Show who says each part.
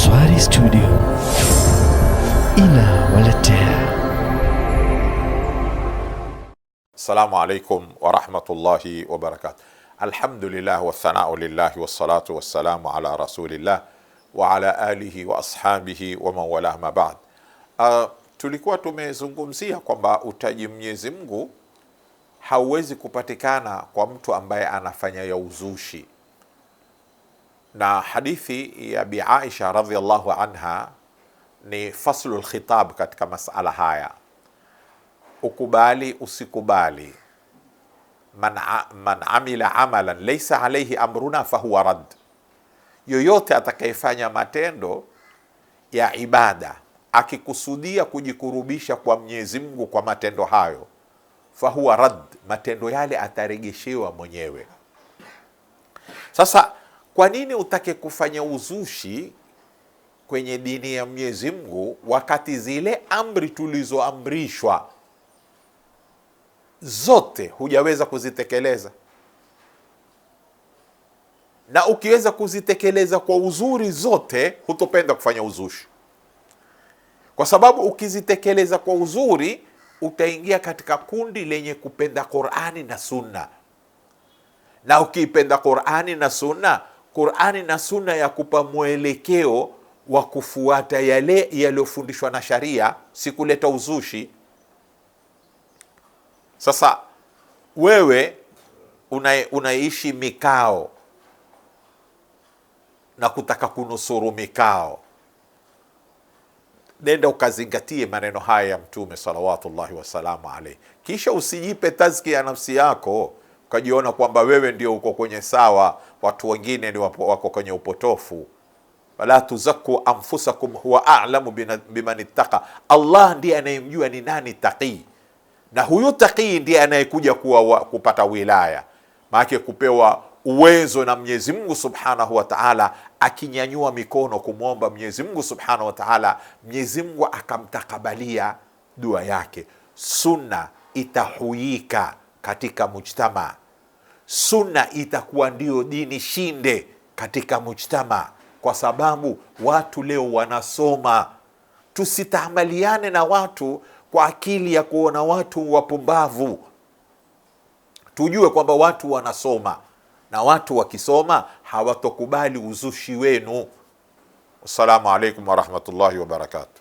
Speaker 1: Swari Studio inawaletea. Assalamu alaikum warahmatullahi wabarakatu. Alhamdulillah wathanau lillahi wassalatu wassalamu ala rasulillah wa ala alihi wa ashabihi wa man walah ma Uh, tulikuwa tumezungumzia kwamba utaji Mwenyezi Mungu hauwezi kupatikana kwa mtu ambaye anafanya ya uzushi na hadithi ya Bi Aisha radhiallahu anha ni faslu lkhitab katika masala haya, ukubali usikubali. Man, man amila amalan laisa alaihi amruna fahuwa rad, yoyote atakayefanya matendo ya ibada akikusudia kujikurubisha kwa Mwenyezi Mungu kwa matendo hayo, fahuwa rad, matendo yale ataregeshewa mwenyewe. Sasa kwa nini utake kufanya uzushi kwenye dini ya Mwenyezi Mungu wakati zile amri tulizoamrishwa zote hujaweza kuzitekeleza? Na ukiweza kuzitekeleza kwa uzuri zote, hutopenda kufanya uzushi, kwa sababu ukizitekeleza kwa uzuri utaingia katika kundi lenye kupenda Qur'ani na Sunna, na ukiipenda Qur'ani na Sunna Qurani na Sunna ya kupa mwelekeo wa kufuata yale yaliyofundishwa na sharia, si kuleta uzushi. Sasa wewe unaishi mikao na kutaka kunusuru mikao, nenda ukazingatie maneno haya ya Mtume salawatullahi wasalamu alaihi, kisha usijipe tazkia ya nafsi yako ukajiona kwamba wewe ndio uko kwenye sawa, watu wengine ni wako kwenye upotofu. Wala tuzaku anfusakum huwa a'lamu biman ittaqa, Allah ndiye anayemjua ni nani taqii, na huyu taqii ndiye anayekuja kuwa kupata wilaya, maana kupewa uwezo na Mwenyezi Mungu Subhanahu wa Ta'ala, akinyanyua mikono kumwomba Mwenyezi Mungu Subhanahu wa Ta'ala, Mwenyezi Mungu akamtakabalia dua yake. Sunna itahuyika katika mujtama sunna itakuwa ndio dini shinde katika mujtama, kwa sababu watu leo wanasoma. Tusitamaliane na watu kwa akili ya kuona watu wapumbavu. Tujue kwamba watu wanasoma, na watu wakisoma hawatokubali uzushi wenu. Wassalamu alaikum warahmatullahi wabarakatuh.